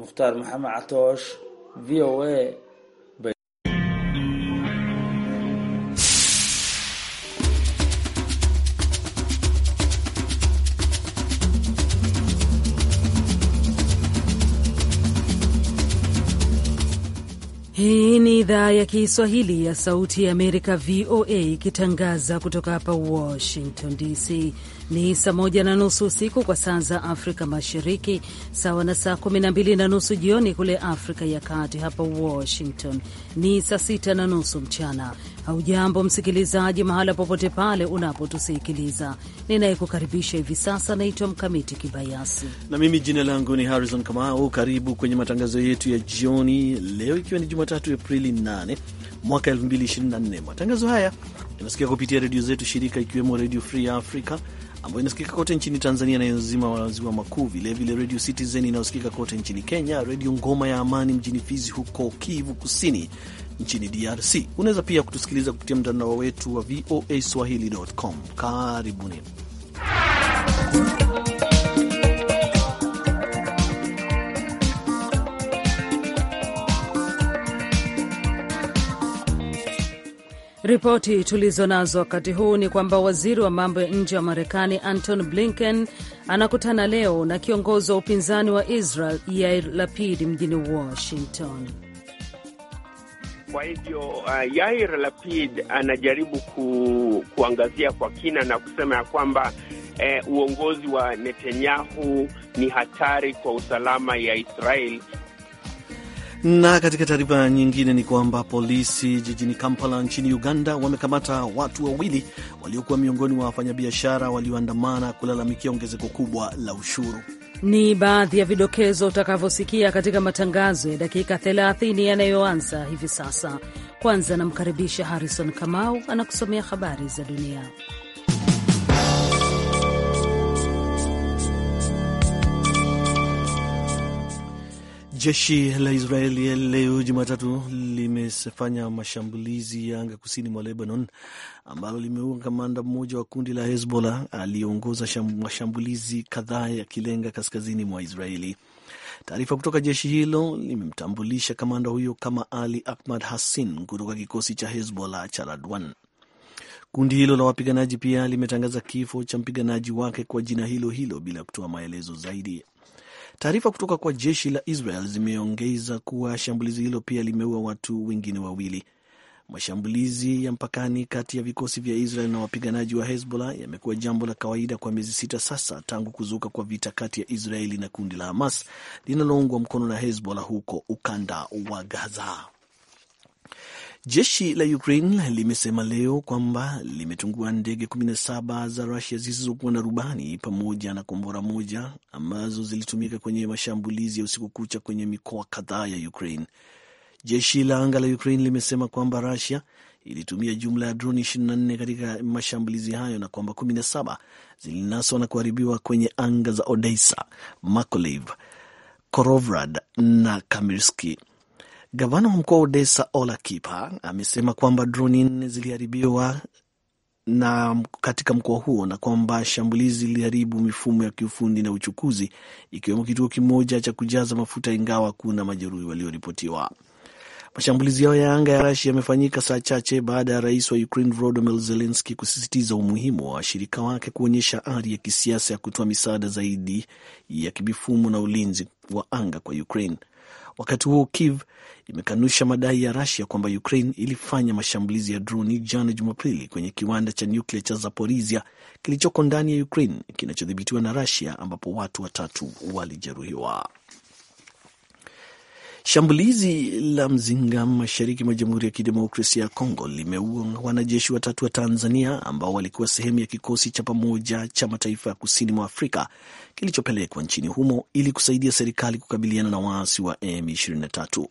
mukhtaar maxamed catoosh v o a idhaa ya Kiswahili ya Sauti ya Amerika, VOA, ikitangaza kutoka hapa Washington DC. Ni saa moja na nusu usiku kwa saa za Afrika Mashariki, sawa na saa kumi na mbili na nusu jioni kule Afrika ya Kati. Hapa Washington ni saa sita na nusu mchana. Haujambo msikilizaji, mahala popote pale unapotusikiliza. Ninayekukaribisha hivi sasa naitwa Mkamiti Kibayasi na mimi jina langu ni Harrison Kamau. Karibu kwenye matangazo yetu ya jioni leo, ikiwa ni Jumatatu Aprili 8 mwaka 2024. Matangazo haya yanasikia kupitia redio zetu shirika, ikiwemo Redio Free Africa ambayo inasikika kote nchini Tanzania na eneo zima la maziwa makuu, vilevile Radio Citizen inayosikika kote nchini Kenya, redio Ngoma ya Amani mjini Fizi huko Kivu Kusini nchini DRC. Unaweza pia kutusikiliza kupitia mtandao wetu wa voa swahili.com. Karibuni. Ripoti tulizo nazo wakati huu ni kwamba waziri wa mambo ya nje wa Marekani Anton Blinken anakutana leo na kiongozi wa upinzani wa Israel Yair Lapid mjini Washington. Kwa hivyo uh, Yair Lapid anajaribu ku, kuangazia kwa kina na kusema ya kwamba eh, uongozi wa Netanyahu ni hatari kwa usalama ya Israel na katika taarifa nyingine ni kwamba polisi jijini Kampala nchini Uganda wamekamata watu wawili waliokuwa miongoni mwa wafanyabiashara walioandamana kulalamikia ongezeko kubwa la ushuru. Ni baadhi ya vidokezo utakavyosikia katika matangazo ya dakika 30 yanayoanza hivi sasa. Kwanza namkaribisha Harrison Kamau anakusomea habari za dunia. Jeshi la Israeli leo Jumatatu limefanya mashambulizi ya anga kusini mwa Lebanon, ambalo limeua kamanda mmoja wa kundi la Hezbollah aliyeongoza mashambulizi kadhaa yakilenga kaskazini mwa Israeli. Taarifa kutoka jeshi hilo limemtambulisha kamanda huyo kama Ali Ahmad Hassin kutoka kikosi cha Hezbollah cha Radwan. Kundi hilo la wapiganaji pia limetangaza kifo cha mpiganaji wake kwa jina hilo hilo bila kutoa maelezo zaidi. Taarifa kutoka kwa jeshi la Israel zimeongeza kuwa shambulizi hilo pia limeua watu wengine wawili. Mashambulizi ya mpakani kati ya vikosi vya Israel na wapiganaji wa Hezbollah yamekuwa jambo la kawaida kwa miezi sita sasa tangu kuzuka kwa vita kati ya Israeli na kundi la Hamas linaloungwa mkono na Hezbollah huko ukanda wa Gaza. Jeshi la Ukraine limesema leo kwamba limetungua ndege 17 za Rusia zisizokuwa na rubani pamoja na kombora moja ambazo zilitumika kwenye mashambulizi ya usiku kucha kwenye mikoa kadhaa ya Ukraine. Jeshi la anga la Ukraine limesema kwamba Rusia ilitumia jumla ya droni 24 katika mashambulizi hayo na kwamba 17 zilinaswa na kuharibiwa kwenye anga za Odessa, Makolev, Korovrad na Kamirski. Gavana wa mkoa wa Odessa, Ola Kipa amesema kwamba droni nne ziliharibiwa na katika mkoa huo na kwamba shambulizi liliharibu mifumo ya kiufundi na uchukuzi ikiwemo kituo kimoja cha kujaza mafuta, ingawa kuna majeruhi walioripotiwa. Mashambulizi yao ya anga ya Rasia yamefanyika saa chache baada ya rais wa Ukraine Volodymyr zelenski kusisitiza umuhimu wa washirika wake kuonyesha ari ya kisiasa ya kutoa misaada zaidi ya kimifumo na ulinzi wa anga kwa Ukraine. Wakati huo Kiev imekanusha madai ya Rusia kwamba Ukraine ilifanya mashambulizi ya droni jana Jumapili kwenye kiwanda cha nyuklia cha zaporisia kilichoko ndani ya Ukraine kinachodhibitiwa na Rusia, ambapo watu watatu walijeruhiwa. Shambulizi la Mzinga mashariki mwa Jamhuri ya Kidemokrasia ya Kongo limeua wanajeshi watatu wa Tanzania ambao walikuwa sehemu ya kikosi cha pamoja cha mataifa ya kusini mwa Afrika kilichopelekwa nchini humo ili kusaidia serikali kukabiliana na waasi wa M23.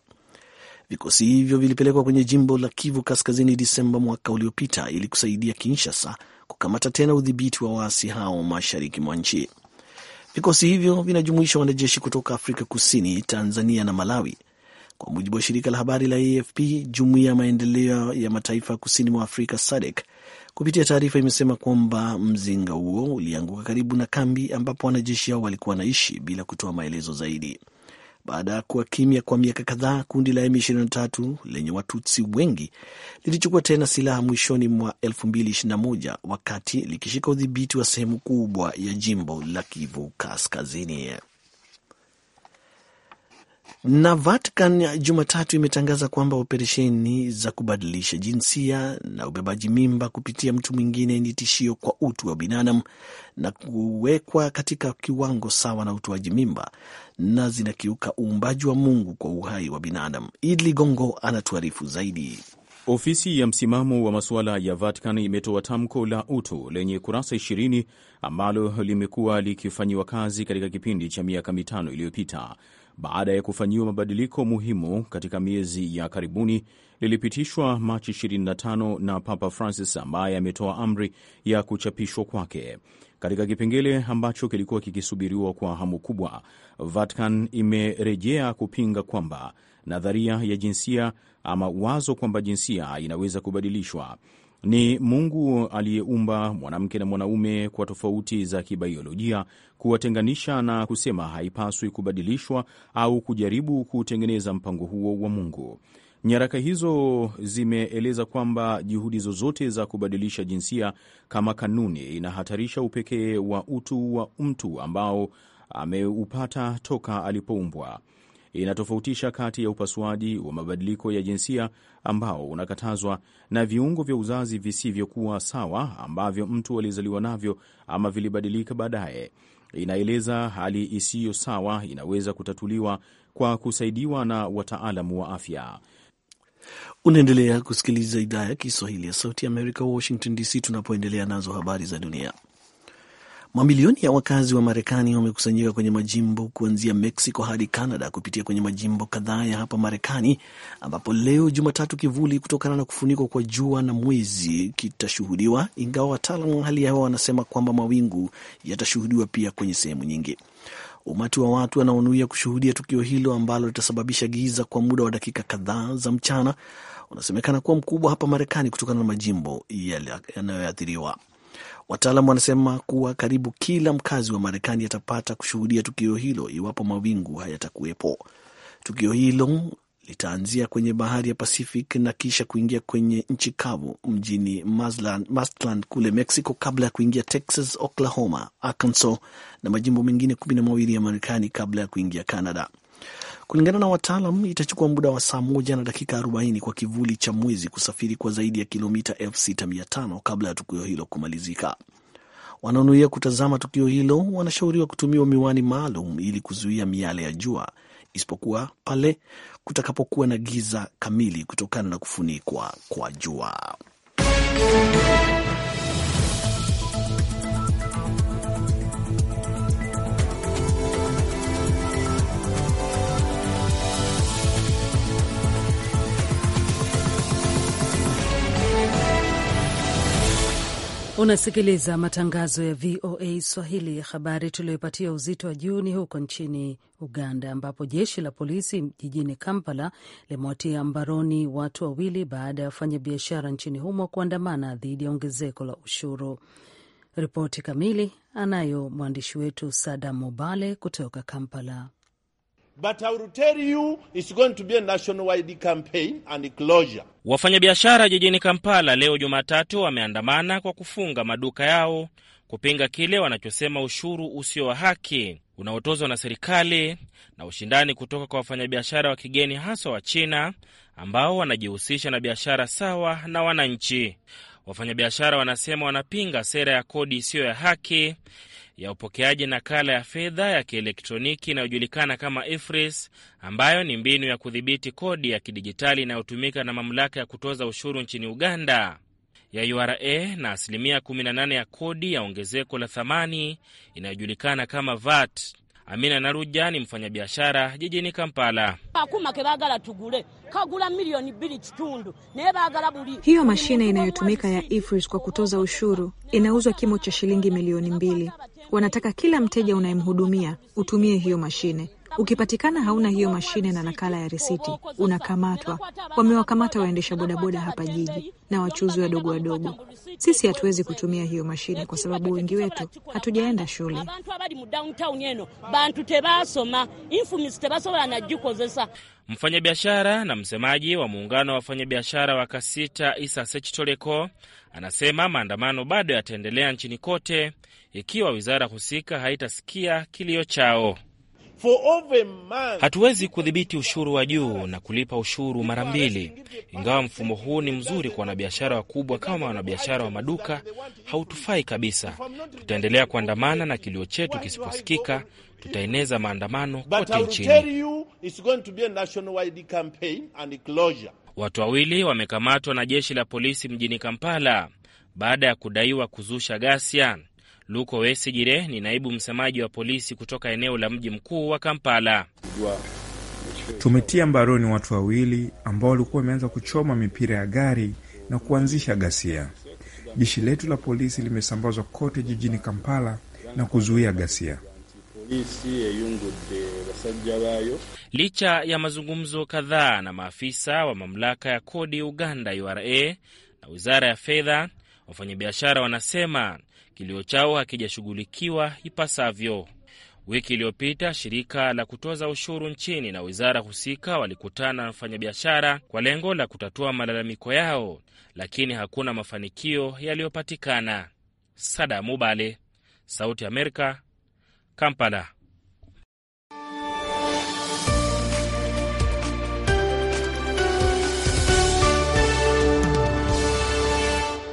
Vikosi hivyo vilipelekwa kwenye jimbo la Kivu Kaskazini Disemba mwaka uliopita ili kusaidia Kinshasa kukamata tena udhibiti wa waasi hao mashariki mwa nchi. Vikosi hivyo vinajumuisha wanajeshi kutoka Afrika Kusini, Tanzania na Malawi kwa mujibu wa shirika la habari la AFP, jumuiya ya maendeleo ya mataifa kusini mwa Afrika SADC kupitia taarifa imesema kwamba mzinga huo ulianguka karibu na kambi ambapo wanajeshi hao walikuwa wanaishi bila kutoa maelezo zaidi. Baada ya kuwa kimya kwa miaka kadhaa, kundi la M23 lenye Watutsi wengi lilichukua tena silaha mwishoni mwa 2021 wakati likishika udhibiti wa sehemu kubwa ya jimbo la Kivu Kaskazini. Na Vatican Jumatatu imetangaza kwamba operesheni za kubadilisha jinsia na ubebaji mimba kupitia mtu mwingine ni tishio kwa utu wa binadamu na kuwekwa katika kiwango sawa na utoaji mimba na zinakiuka uumbaji wa Mungu kwa uhai wa binadamu. Idli Gongo anatuarifu zaidi. Ofisi ya msimamo wa masuala ya Vatican imetoa tamko la utu lenye kurasa 20 ambalo limekuwa likifanyiwa kazi katika kipindi cha miaka mitano iliyopita baada ya kufanyiwa mabadiliko muhimu katika miezi ya karibuni, lilipitishwa Machi 25 na Papa Francis ambaye ametoa amri ya kuchapishwa kwake. Katika kipengele ambacho kilikuwa kikisubiriwa kwa hamu kubwa, Vatican imerejea kupinga kwamba nadharia ya jinsia ama wazo kwamba jinsia inaweza kubadilishwa. Ni Mungu aliyeumba mwanamke na mwanaume kwa tofauti za kibaiolojia, kuwatenganisha na kusema haipaswi kubadilishwa au kujaribu kutengeneza mpango huo wa Mungu. Nyaraka hizo zimeeleza kwamba juhudi zozote za kubadilisha jinsia kama kanuni inahatarisha upekee wa utu wa mtu ambao ameupata toka alipoumbwa inatofautisha kati ya upasuaji wa mabadiliko ya jinsia ambao unakatazwa na viungo vya uzazi visivyokuwa sawa ambavyo mtu alizaliwa navyo ama vilibadilika baadaye. Inaeleza hali isiyo sawa inaweza kutatuliwa kwa kusaidiwa na wataalamu wa afya. Unaendelea kusikiliza idhaa ya Kiswahili ya Sauti ya Amerika, Washington DC, tunapoendelea nazo habari za dunia. Mamilioni ya wakazi wa Marekani wamekusanyika kwenye majimbo kuanzia Mexico hadi Canada kupitia kwenye majimbo kadhaa ya hapa Marekani, ambapo leo Jumatatu kivuli kutokana na kufunikwa kwa jua na mwezi kitashuhudiwa, ingawa wataalam wa hali ya hewa wanasema kwamba mawingu yatashuhudiwa pia kwenye sehemu nyingi. Umati wa watu wanaonuia kushuhudia tukio hilo ambalo litasababisha giza kwa muda wa dakika kadhaa za mchana unasemekana kuwa mkubwa hapa Marekani kutokana na majimbo yanayoathiriwa. Wataalam wanasema kuwa karibu kila mkazi wa Marekani atapata kushuhudia tukio hilo iwapo mawingu hayatakuwepo. Tukio hilo litaanzia kwenye bahari ya Pacific na kisha kuingia kwenye nchi kavu mjini Mazatlan kule Mexico, kabla ya kuingia Texas, Oklahoma, Arkansas na majimbo mengine kumi na mawili ya Marekani kabla ya kuingia Canada. Kulingana na wataalam, itachukua muda wa saa moja na dakika 40 kwa kivuli cha mwezi kusafiri kwa zaidi ya kilomita 6500 kabla ya tukio hilo kumalizika. Wanaonuia kutazama tukio hilo wanashauriwa kutumiwa miwani maalum ili kuzuia miale ya jua, isipokuwa pale kutakapokuwa na giza kamili kutokana na kufunikwa kwa jua. Unasikiliza matangazo ya VOA Swahili. Habari tuliyoipatia uzito wa juu ni huko nchini Uganda, ambapo jeshi la polisi jijini Kampala limewatia mbaroni watu wawili baada ya wafanyabiashara nchini humo kuandamana dhidi ya ongezeko la ushuru. Ripoti kamili anayo mwandishi wetu Sada Mobale kutoka Kampala. But I will tell you it's going to be a nationwide campaign and closure. Wafanyabiashara jijini Kampala leo Jumatatu wameandamana kwa kufunga maduka yao kupinga kile wanachosema ushuru usio wa haki unaotozwa na serikali na ushindani kutoka kwa wafanyabiashara wa kigeni haswa wa China ambao wanajihusisha na biashara sawa na wananchi. Wafanyabiashara wanasema wanapinga sera ya kodi isiyo ya haki ya upokeaji nakala ya fedha ya kielektroniki inayojulikana kama IFRIS, ambayo ni mbinu ya kudhibiti kodi ya kidijitali inayotumika na mamlaka ya kutoza ushuru nchini Uganda ya URA na asilimia 18 ya kodi ya ongezeko la thamani inayojulikana kama VAT. Amina Naruja ni mfanyabiashara jijini Kampala. Hiyo mashine inayotumika ya IFRIS kwa kutoza ushuru inauzwa kimo cha shilingi milioni mbili. Wanataka kila mteja unayemhudumia utumie hiyo mashine. Ukipatikana hauna hiyo mashine na nakala ya risiti, unakamatwa. Wamewakamata waendesha bodaboda hapa jiji na wachuzi wadogo wadogo. Sisi hatuwezi kutumia hiyo mashine kwa sababu wengi wetu hatujaenda shule. Mfanyabiashara na msemaji wa muungano wa wafanyabiashara wa Kasita Isa Sechitoleko anasema maandamano bado yataendelea nchini kote ikiwa wizara husika haitasikia kilio chao. Hatuwezi kudhibiti ushuru wa juu na kulipa ushuru mara mbili, ingawa mfumo huu ni mzuri kwa wanabiashara wakubwa kama wanabiashara wa maduka, hautufai kabisa. Tutaendelea kuandamana na kilio chetu kisiposikika, tutaeneza maandamano kote nchini. Watu wawili wamekamatwa na jeshi la polisi mjini Kampala baada ya kudaiwa kuzusha ghasia. Luko Wesigire ni naibu msemaji wa polisi kutoka eneo la mji mkuu wa Kampala. Tumetia mbaroni watu wawili ambao walikuwa wameanza kuchoma mipira ya gari na kuanzisha ghasia. Jeshi letu la polisi limesambazwa kote jijini Kampala na kuzuia ghasia. Licha ya mazungumzo kadhaa na maafisa wa mamlaka ya kodi Uganda, URA, na wizara ya fedha, wafanyabiashara wanasema kilio chao hakijashughulikiwa ipasavyo. Wiki iliyopita shirika la kutoza ushuru nchini na wizara husika walikutana na wafanyabiashara kwa lengo la kutatua malalamiko yao, lakini hakuna mafanikio yaliyopatikana. Sada Mubale, Sauti ya Amerika, Kampala.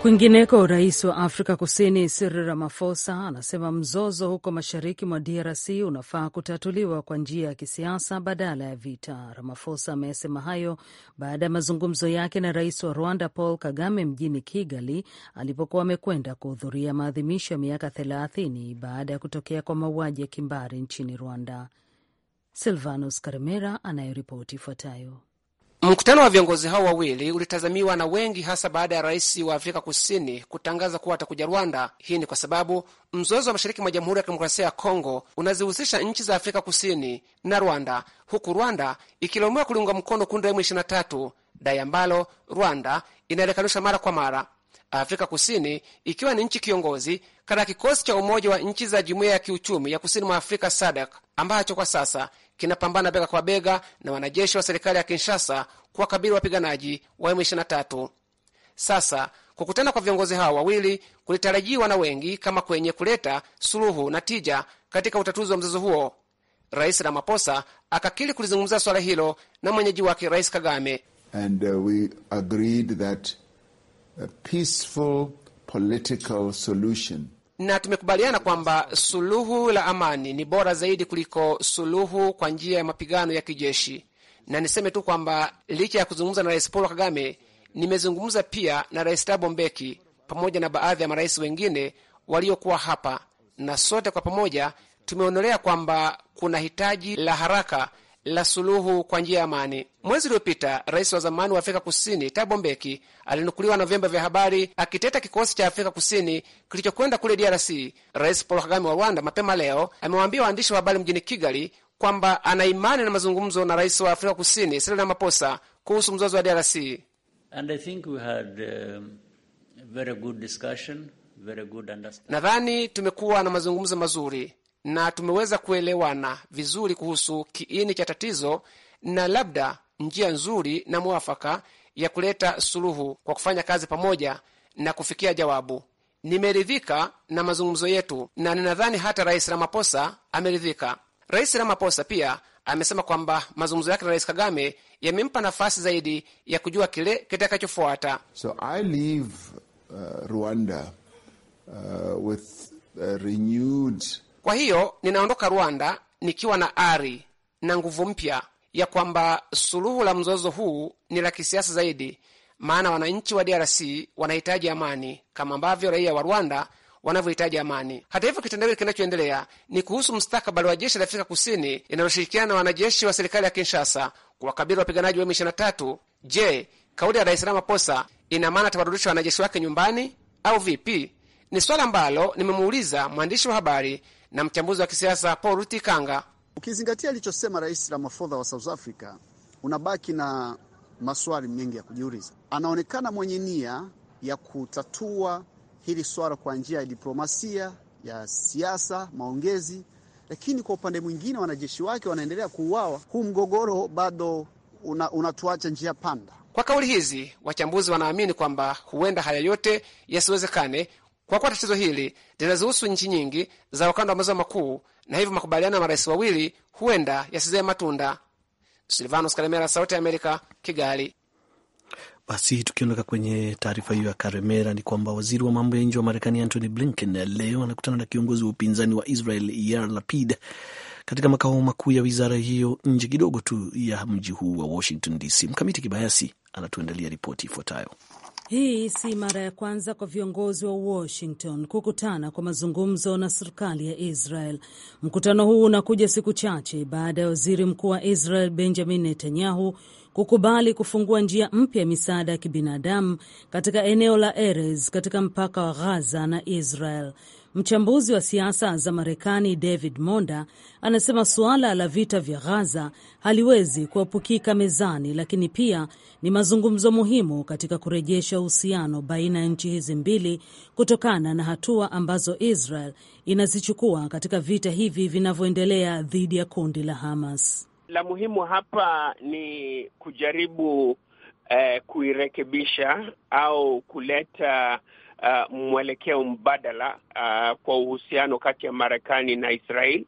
Kwingineko, rais wa Afrika Kusini Cyril Ramaphosa anasema mzozo huko mashariki mwa DRC unafaa kutatuliwa kwa njia ya kisiasa badala ya vita. Ramaphosa ameyasema hayo baada ya mazungumzo yake na rais wa Rwanda Paul Kagame mjini Kigali, alipokuwa amekwenda kuhudhuria maadhimisho ya miaka thelathini baada ya kutokea kwa mauaji ya kimbari nchini Rwanda. Silvanus Karemera anayeripoti ifuatayo. Mkutano wa viongozi hao wawili ulitazamiwa na wengi, hasa baada ya rais wa Afrika Kusini kutangaza kuwa atakuja Rwanda. Hii ni kwa sababu mzozo wa mashariki mwa Jamhuri ya Kidemokrasia ya Kongo unazihusisha nchi za Afrika Kusini na Rwanda, huku Rwanda ikilaumiwa kuliunga mkono kundi la M23, dai ambalo Rwanda inalekanusha mara kwa mara. Afrika Kusini ikiwa ni nchi kiongozi katika kikosi cha Umoja wa Nchi za Jumuiya ya Kiuchumi ya Kusini mwa Afrika SADC ambacho kwa sasa kinapambana bega kwa bega na wanajeshi wa serikali ya Kinshasa kuwakabili wapiganaji wa M23. Sasa kukutana kwa viongozi hao wawili kulitarajiwa na wengi kama kwenye kuleta suluhu na tija katika utatuzi wa mzozo huo. Rais Ramaphosa akakiri kulizungumza swala hilo na mwenyeji wake Rais Kagame. And, uh, we agreed that a peaceful political solution na tumekubaliana kwamba suluhu la amani ni bora zaidi kuliko suluhu kwa njia ya mapigano ya kijeshi. Na niseme tu kwamba licha ya kuzungumza na Rais Paul Kagame, nimezungumza pia na Rais Thabo Mbeki pamoja na baadhi ya marais wengine waliokuwa hapa, na sote kwa pamoja tumeonelea kwamba kuna hitaji la haraka la suluhu kwa njia ya amani. Mwezi uliopita rais wa zamani wa Afrika Kusini Thabo Mbeki alinukuliwa na vyombo vya habari akiteta kikosi cha Afrika Kusini kilichokwenda kule DRC. Rais Paul Kagame wa Rwanda mapema leo amewaambia waandishi wa habari mjini Kigali kwamba ana imani na mazungumzo na rais wa Afrika Kusini Cyril Ramaphosa kuhusu mzozo wa DRC. Um, Nadhani tumekuwa na mazungumzo mazuri na tumeweza kuelewana vizuri kuhusu kiini cha tatizo na labda njia nzuri na mwafaka ya kuleta suluhu kwa kufanya kazi pamoja na kufikia jawabu. Nimeridhika na mazungumzo yetu na ninadhani hata Rais Ramaphosa ameridhika. Rais Ramaphosa pia amesema kwamba mazungumzo yake na Rais Kagame yamempa nafasi zaidi ya kujua kile kitakachofuata. So I leave, uh, Rwanda, uh, with, renewed kwa hiyo ninaondoka Rwanda nikiwa na ari na nguvu mpya ya kwamba suluhu la mzozo huu ni la kisiasa zaidi, maana wananchi wa DRC wanahitaji amani kama ambavyo raia wa Rwanda wanavyohitaji amani. Hata hivyo, kitendawili kinachoendelea ni kuhusu mustakabali wa jeshi la Afrika Kusini linaloshirikiana na wanajeshi wa serikali ya Kinshasa kuwakabili wapiganaji wa M23. Je, kauli ya Rais Ramaphosa ina maana atawarudisha wanajeshi wake nyumbani au vipi? Ni swala ambalo nimemuuliza mwandishi wa habari na mchambuzi wa kisiasa Paul Rutikanga. Ukizingatia alichosema Rais Ramaphosa wa South Africa, unabaki na maswali mengi ya kujiuliza. Anaonekana mwenye nia ya kutatua hili swala kwa njia ya diplomasia, ya siasa, maongezi, lakini kwa upande mwingine wanajeshi wake wanaendelea kuuawa. Huu mgogoro bado una, unatuacha njia panda. Kwa kauli hizi, wachambuzi wanaamini kwamba huenda haya yote yasiwezekane kwa kuwa tatizo hili linazihusu nchi nyingi za ukanda wa maziwa makuu, na hivyo makubaliano ya marais wawili huenda yasizee matunda. Silvanos Karemera, Sauti ya Amerika, Kigali. Basi tukiondoka kwenye taarifa hiyo ya Karemera ni kwamba waziri wa mambo ya nje wa Marekani Antony Blinken leo anakutana na kiongozi wa upinzani wa Israel Yair Lapid katika makao makuu ya wizara hiyo nje kidogo tu ya mji huu wa Washington DC. Mkamiti Kibayasi anatuandalia ripoti ifuatayo. Hii si mara ya kwanza kwa viongozi wa Washington kukutana kwa mazungumzo na serikali ya Israel. Mkutano huu unakuja siku chache baada ya waziri mkuu wa Israel Benjamin Netanyahu kukubali kufungua njia mpya ya misaada ya kibinadamu katika eneo la Erez katika mpaka wa Gaza na Israel. Mchambuzi wa siasa za Marekani David Monda anasema suala la vita vya Gaza haliwezi kuepukika mezani, lakini pia ni mazungumzo muhimu katika kurejesha uhusiano baina ya nchi hizi mbili kutokana na hatua ambazo Israel inazichukua katika vita hivi vinavyoendelea dhidi ya kundi la Hamas. La muhimu hapa ni kujaribu eh, kuirekebisha au kuleta uh, mwelekeo mbadala uh, kwa uhusiano kati ya Marekani na Israel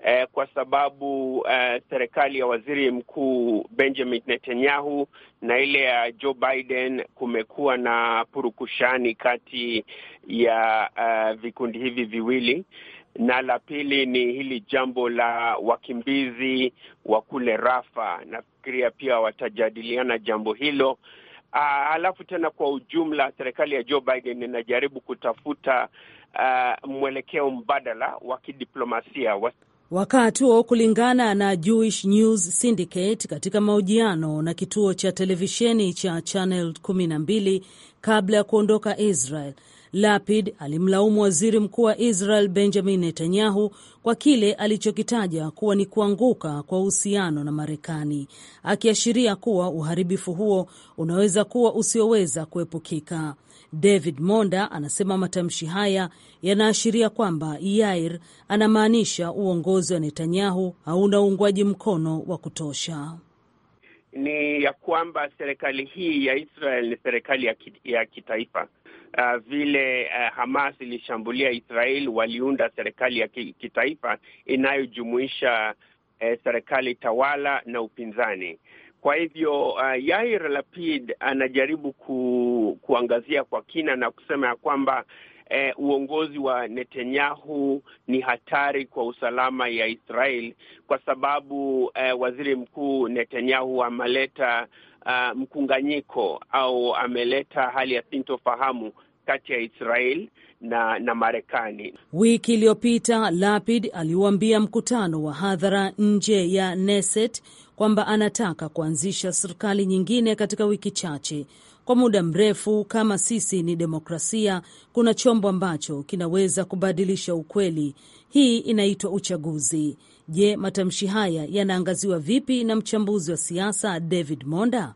uh, kwa sababu uh, serikali ya waziri mkuu Benjamin Netanyahu na ile ya Joe Biden kumekuwa na purukushani kati ya uh, vikundi hivi viwili na la pili ni hili jambo la wakimbizi wa kule Rafa. Nafikiria pia watajadiliana jambo hilo Ah, alafu tena kwa ujumla, serikali ya Joe Biden inajaribu kutafuta uh, mwelekeo mbadala wa kidiplomasia wa... Wakati huo kulingana na Jewish News Syndicate katika mahojiano na kituo cha televisheni cha Channel 12 kabla ya kuondoka Israel, Lapid alimlaumu waziri mkuu wa Israel Benjamin Netanyahu kwa kile alichokitaja kuwa ni kuanguka kwa uhusiano na Marekani, akiashiria kuwa uharibifu huo unaweza kuwa usioweza kuepukika. David Monda anasema matamshi haya yanaashiria kwamba Yair anamaanisha uongozi wa Netanyahu hauna uungwaji mkono wa kutosha ni ya kwamba serikali hii ya Israel ni serikali ya, ki, ya kitaifa uh, vile uh, Hamas ilishambulia Israel, waliunda serikali ya kitaifa inayojumuisha uh, serikali tawala na upinzani. Kwa hivyo uh, Yair Lapid anajaribu ku, kuangazia kwa kina na kusema ya kwamba uh, uongozi wa Netanyahu ni hatari kwa usalama ya Israel kwa sababu uh, waziri mkuu Netanyahu ameleta uh, mkunganyiko au ameleta hali ya sintofahamu kati ya Israel na na Marekani. Wiki iliyopita Lapid aliuambia mkutano wa hadhara nje ya Knesset kwamba anataka kuanzisha serikali nyingine katika wiki chache. Kwa muda mrefu kama sisi ni demokrasia, kuna chombo ambacho kinaweza kubadilisha ukweli. Hii inaitwa uchaguzi. Je, matamshi haya yanaangaziwa vipi na mchambuzi wa siasa David Monda?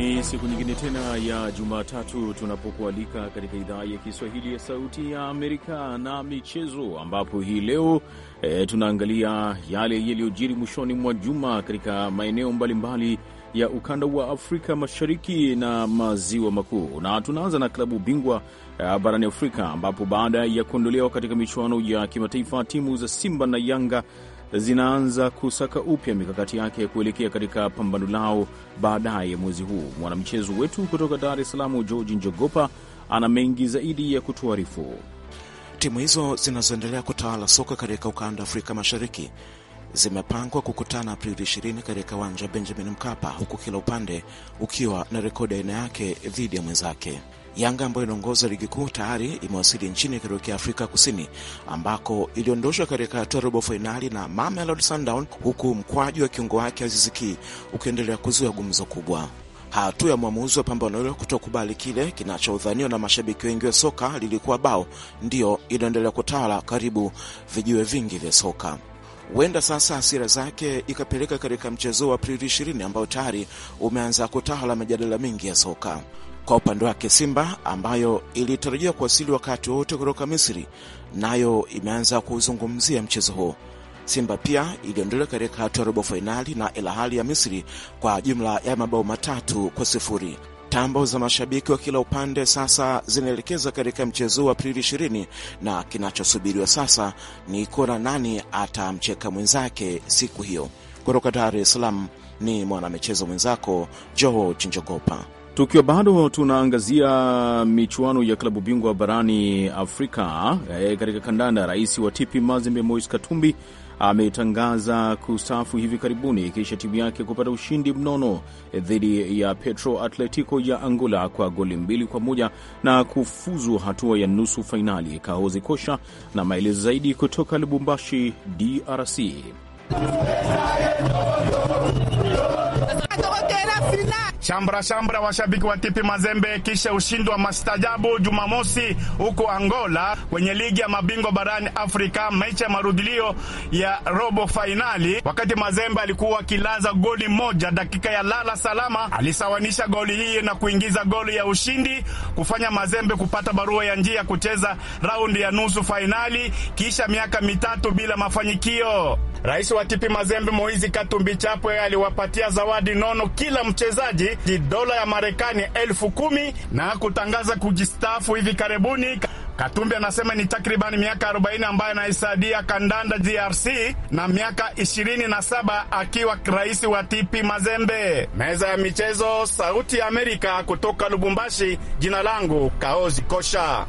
Ni siku nyingine tena ya Jumatatu tunapokualika katika idhaa ya Kiswahili ya Sauti ya Amerika na michezo, ambapo hii leo e, tunaangalia yale yaliyojiri mwishoni mwa juma katika maeneo mbalimbali ya ukanda wa Afrika Mashariki na Maziwa Makuu, na tunaanza na klabu bingwa eh, barani Afrika ambapo baada ya kuondolewa katika michuano ya kimataifa timu za Simba na Yanga zinaanza kusaka upya mikakati yake kuelekea katika pambano lao baadaye mwezi huu. Mwanamchezo wetu kutoka Dar es Salaam, George Njogopa, ana mengi zaidi ya kutuarifu. Timu hizo zinazoendelea kutawala soka katika ukanda wa Afrika Mashariki zimepangwa kukutana Aprili 20 katika uwanja wa Benjamin Mkapa, huku kila upande ukiwa na rekodi aina yake dhidi ya mwenzake. Yanga ambayo inaongoza ligi kuu tayari imewasili nchini kutokea Afrika Kusini ambako iliondoshwa katika hatua robo fainali na Mamelodi Sundown, huku mkwaju wa kiungo wake Aziziki ukiendelea kuzua gumzo kubwa. Hatua ya mwamuzi wa pambano hilo kutokubali kile kinachodhaniwa na mashabiki wengi wa soka lilikuwa bao ndiyo inaendelea kutawala karibu vijiwe vingi vya soka. Huenda sasa hasira zake ikapeleka katika mchezo wa Aprili 20 ambao tayari umeanza kutawala mijadala mingi ya soka. Kwa upande wake Simba ambayo ilitarajiwa kuwasili wakati wote kutoka Misri nayo imeanza kuzungumzia mchezo huo. Simba pia iliondolewa katika hatua robo fainali na Al Ahly ya Misri kwa jumla ya mabao matatu kwa sifuri. Tambo za mashabiki wa kila upande sasa zinaelekeza katika mchezo wa Aprili 20 na kinachosubiriwa sasa ni kuona nani atamcheka mwenzake siku hiyo. Kutoka Dar es Salaam ni mwanamichezo mwenzako George Chinjogopa. Tukiwa bado tunaangazia michuano ya klabu bingwa barani Afrika e, katika kandanda, rais wa TP Mazembe Moise Katumbi ametangaza kustaafu hivi karibuni kisha timu yake kupata ushindi mnono dhidi ya Petro Atletico ya Angola kwa goli mbili kwa moja na kufuzu hatua ya nusu fainali. Kaozi Kosha na maelezo zaidi kutoka Lubumbashi, DRC. Shambra shambra washabiki wa Tipi Mazembe kisha ushindi wa mastajabu Jumamosi huko Angola kwenye ligi ya mabingwa barani Afrika, mechi ya marudilio ya robo fainali. Wakati Mazembe alikuwa akilaza goli moja, dakika ya lala salama alisawanisha goli hii na kuingiza goli ya ushindi kufanya Mazembe kupata barua ya njia ya kucheza raundi ya nusu fainali kisha miaka mitatu bila mafanikio. Rais wa Tipi Mazembe Moizi Katumbi Chapwe aliwapatia zawadi nono kila mchezaji dola ya Marekani elfu kumi na kutangaza kujistaafu hivi karibuni. Katumbi anasema ni takribani miaka 40 ambayo anaisaidia kandanda DRC na miaka 27 akiwa rais wa TP Mazembe. Meza ya michezo, Sauti ya Amerika kutoka Lubumbashi. Jina langu Kaozi Kosha.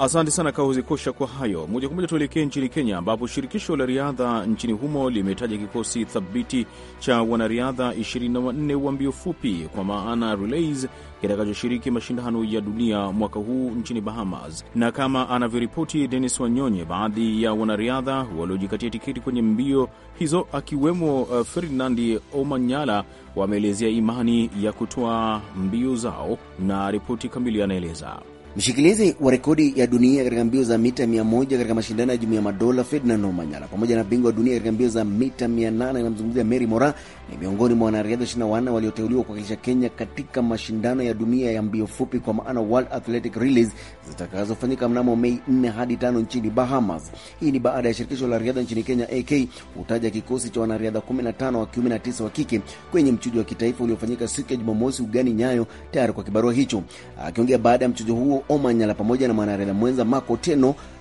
Asante sana Kauzi Kosha kwa hayo. Moja kwa moja tuelekee nchini Kenya, ambapo shirikisho la riadha nchini humo limetaja kikosi thabiti cha wanariadha 24 wa mbio fupi kwa maana relays kitakachoshiriki mashindano ya dunia mwaka huu nchini Bahamas. Na kama anavyoripoti Denis Wanyonye, baadhi ya wanariadha waliojikatia tiketi kwenye mbio hizo akiwemo uh, ferdinandi Omanyala wameelezea imani ya kutoa mbio zao, na ripoti kamili anaeleza. Mshikilizi wa rekodi ya dunia katika mbio za mita 100 katika mashindano ya jumuiya ya madola Ferdinand Omanyala pamoja na bingwa wa dunia katika mbio za mita 800 inamzungumzia Mary Moraa ni miongoni mwa wanariadha 24 walioteuliwa kuwakilisha Kenya katika mashindano ya dunia ya mbio fupi kwa maana World Athletic Relays zitakazofanyika mnamo Mei 4 hadi 5 nchini Bahamas. Hii ni baada ya shirikisho la riadha nchini Kenya AK kutaja kikosi cha wanariadha 15 wa kiume na 9 wa kike kwenye mchujo wa kitaifa uliofanyika siku ya Jumamosi ugani Nyayo tayari kwa kibarua hicho. Akiongea baada ya mchujo huo, Omanyala pamoja na mwanariadha mwenza Mako Teno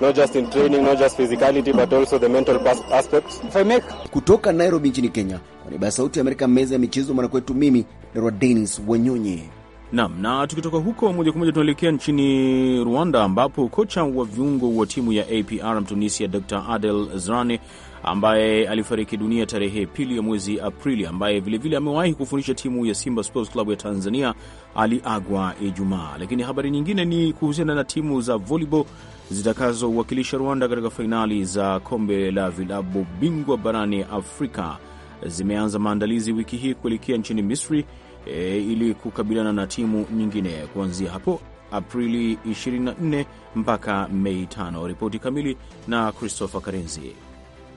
not just in training, not just physicality, but also the mental aspects. If I make... Kutoka Nairobi nchini Kenya, kwa niaba ya Sauti ya Amerika, meza ya michezo, mwanakwetu mimi Nerwa Dennis Wanyonye. Naam, na tukitoka huko moja kwa moja tunaelekea nchini Rwanda ambapo kocha wa viungo wa timu ya APR Mtunisia Dr Adel Zrane ambaye alifariki dunia tarehe pili ya mwezi Aprili, ambaye vilevile amewahi kufundisha timu ya Simba Sports Club ya Tanzania aliagwa Ijumaa. Lakini habari nyingine ni kuhusiana na timu za volleyball zitakazowakilisha Rwanda katika fainali za kombe la vilabu bingwa barani Afrika. Zimeanza maandalizi wiki hii kuelekea nchini Misri e, ili kukabiliana na timu nyingine kuanzia hapo Aprili 24 mpaka Mei 5. Ripoti kamili na Christopher Karenzi.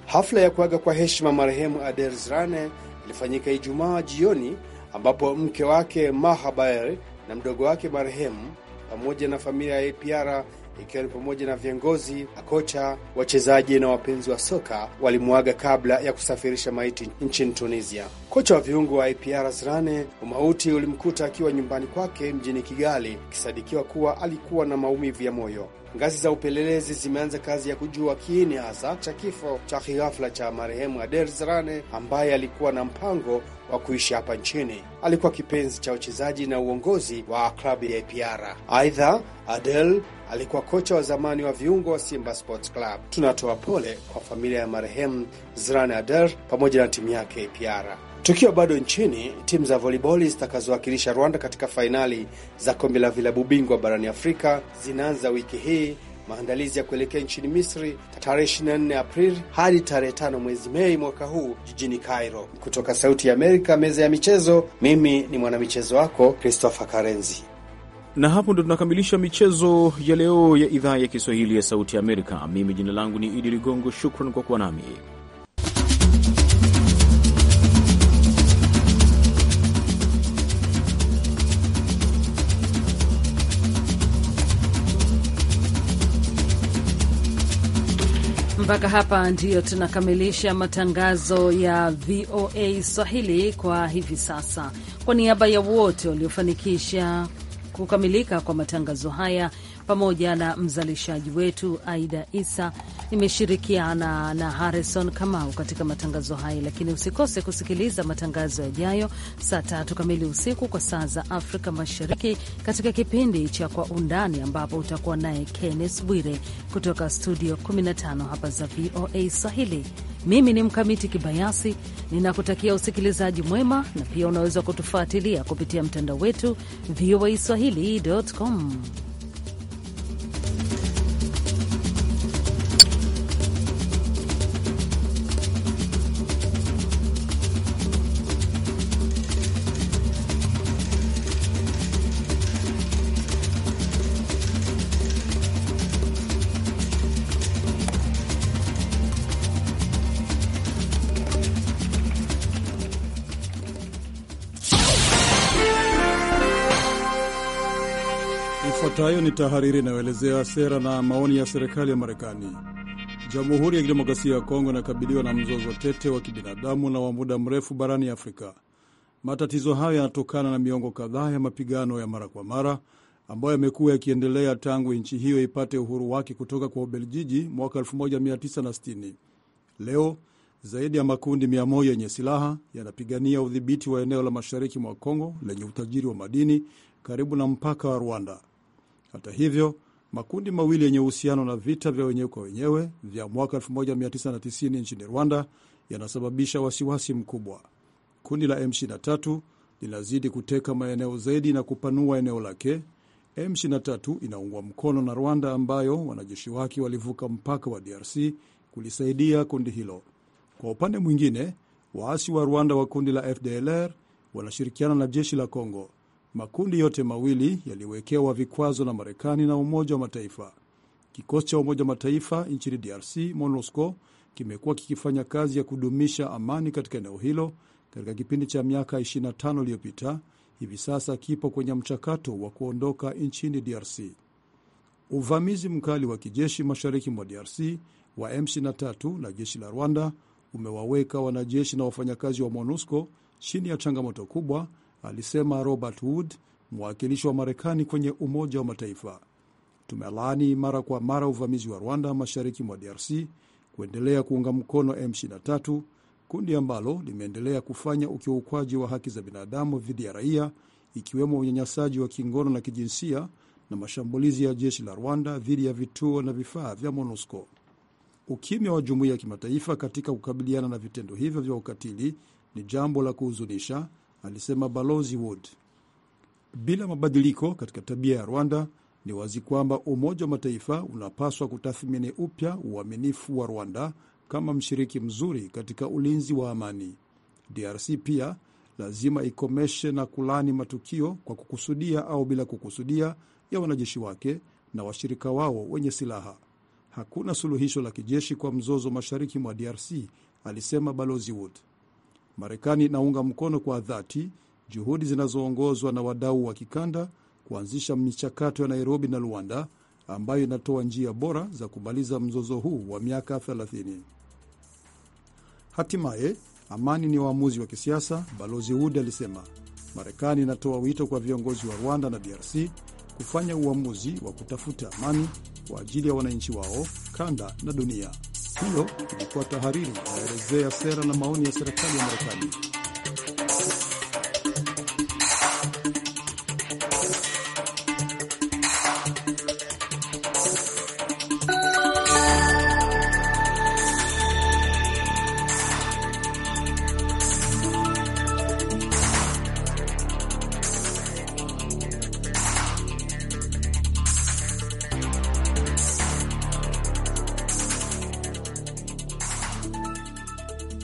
Hafla ya kuaga kwa heshima marehemu Ader Zrane ilifanyika Ijumaa jioni ambapo mke wake Mahabaer na mdogo wake marehemu pamoja na familia ya APR ikiwa ni pamoja na viongozi, makocha, wachezaji na wapenzi wa soka walimuaga kabla ya kusafirisha maiti nchini Tunisia. Kocha wa viungo wa APR Zrane umauti ulimkuta akiwa nyumbani kwake mjini Kigali, ikisadikiwa kuwa alikuwa na maumivu ya moyo. Ngazi za upelelezi zimeanza kazi ya kujua kiini hasa cha kifo cha kighafla cha marehemu Ader Zrane ambaye alikuwa na mpango wa kuishi hapa nchini. Alikuwa kipenzi cha uchezaji na uongozi wa klabu ya APR. Aidha, Adel alikuwa kocha wa zamani wa viungo wa Simba Sports Club. Tunatoa pole kwa familia ya marehemu Zran Ader pamoja na timu yake APR. Tukiwa bado nchini, timu za voliboli zitakazowakilisha Rwanda katika fainali za kombe la vilabu bingwa barani Afrika zinaanza wiki hii maandalizi ya kuelekea nchini Misri tarehe 24 Aprili hadi tarehe 5 mwezi Mei mwaka huu jijini Cairo. Kutoka Sauti ya Amerika, meza ya michezo, mimi ni mwanamichezo wako Christopher Karenzi na hapo ndo tunakamilisha michezo ya leo ya idhaa ya Kiswahili ya Sauti ya Amerika. Mimi jina langu ni Idi Ligongo, shukran kwa kuwa nami. Mpaka hapa ndiyo tunakamilisha matangazo ya VOA Swahili kwa hivi sasa. Kwa niaba ya wote waliofanikisha kukamilika kwa matangazo haya pamoja na mzalishaji wetu Aida Isa. Nimeshirikiana na Harrison Kamau katika matangazo haya, lakini usikose kusikiliza matangazo yajayo saa tatu kamili usiku kwa saa za Afrika Mashariki katika kipindi cha Kwa Undani, ambapo utakuwa naye Kenneth Bwire kutoka studio 15 hapa za VOA Swahili. Mimi ni Mkamiti Kibayasi, ninakutakia usikilizaji mwema, na pia unaweza kutufuatilia kupitia mtandao wetu voa swahilicom Ifuatayo ni tahariri inayoelezea sera na maoni ya serikali ya Marekani. Jamhuri ya Kidemokrasia ya Kongo inakabiliwa na mzozo tete wa kibinadamu na wa muda mrefu barani Afrika. Matatizo hayo yanatokana na miongo kadhaa ya mapigano ya mara kwa mara ambayo yamekuwa yakiendelea tangu nchi hiyo ipate uhuru wake kutoka kwa Ubelgiji mwaka 1960. Leo zaidi ya makundi 100 yenye silaha yanapigania udhibiti wa eneo la mashariki mwa Kongo lenye utajiri wa madini karibu na mpaka wa Rwanda. Hata hivyo, makundi mawili yenye uhusiano na vita vya wenyewe kwa wenyewe vya mwaka 1990 nchini Rwanda yanasababisha wasiwasi mkubwa. Kundi la M23 linazidi kuteka maeneo zaidi na kupanua eneo lake. M23 inaungwa mkono na Rwanda, ambayo wanajeshi wake walivuka mpaka wa DRC kulisaidia kundi hilo. Kwa upande mwingine, waasi wa Rwanda wa kundi la FDLR wanashirikiana na jeshi la congo Makundi yote mawili yaliwekewa vikwazo na Marekani na Umoja wa Mataifa. Kikosi cha Umoja wa Mataifa nchini DRC, MONUSCO, kimekuwa kikifanya kazi ya kudumisha amani katika eneo hilo katika kipindi cha miaka 25 iliyopita. Hivi sasa kipo kwenye mchakato wa kuondoka nchini DRC. Uvamizi mkali wa kijeshi mashariki mwa DRC wa M23 na jeshi la Rwanda umewaweka wanajeshi na wafanyakazi wa MONUSCO chini ya changamoto kubwa alisema Robert Wood, mwakilishi wa Marekani kwenye Umoja wa Mataifa. Tumelaani mara kwa mara uvamizi wa Rwanda mashariki mwa DRC, kuendelea kuunga mkono M23, kundi ambalo limeendelea kufanya ukiukwaji wa haki za binadamu dhidi ya raia, ikiwemo unyanyasaji wa kingono na kijinsia na mashambulizi ya jeshi la Rwanda dhidi ya vituo na vifaa vya MONUSCO. Ukimya wa jumuiya ya kimataifa katika kukabiliana na vitendo hivyo vya ukatili ni jambo la kuhuzunisha, alisema Balozi Wood. Bila mabadiliko katika tabia ya Rwanda, ni wazi kwamba Umoja wa Mataifa unapaswa kutathmini upya uaminifu wa Rwanda kama mshiriki mzuri katika ulinzi wa amani. DRC pia lazima ikomeshe na kulani matukio kwa kukusudia au bila kukusudia ya wanajeshi wake na washirika wao wenye silaha. Hakuna suluhisho la kijeshi kwa mzozo mashariki mwa DRC, alisema Balozi Wood. Marekani inaunga mkono kwa dhati juhudi zinazoongozwa na wadau wa kikanda kuanzisha michakato ya Nairobi na Luanda ambayo inatoa njia bora za kumaliza mzozo huu wa miaka 30. Hatimaye, amani ni uamuzi wa kisiasa, Balozi Wood alisema. Marekani inatoa wito kwa viongozi wa Rwanda na DRC kufanya uamuzi wa kutafuta amani kwa ajili ya wananchi wao kanda na dunia. Hiyo ilikuwa tahariri inaelezea sera na maoni ya serikali ya Marekani.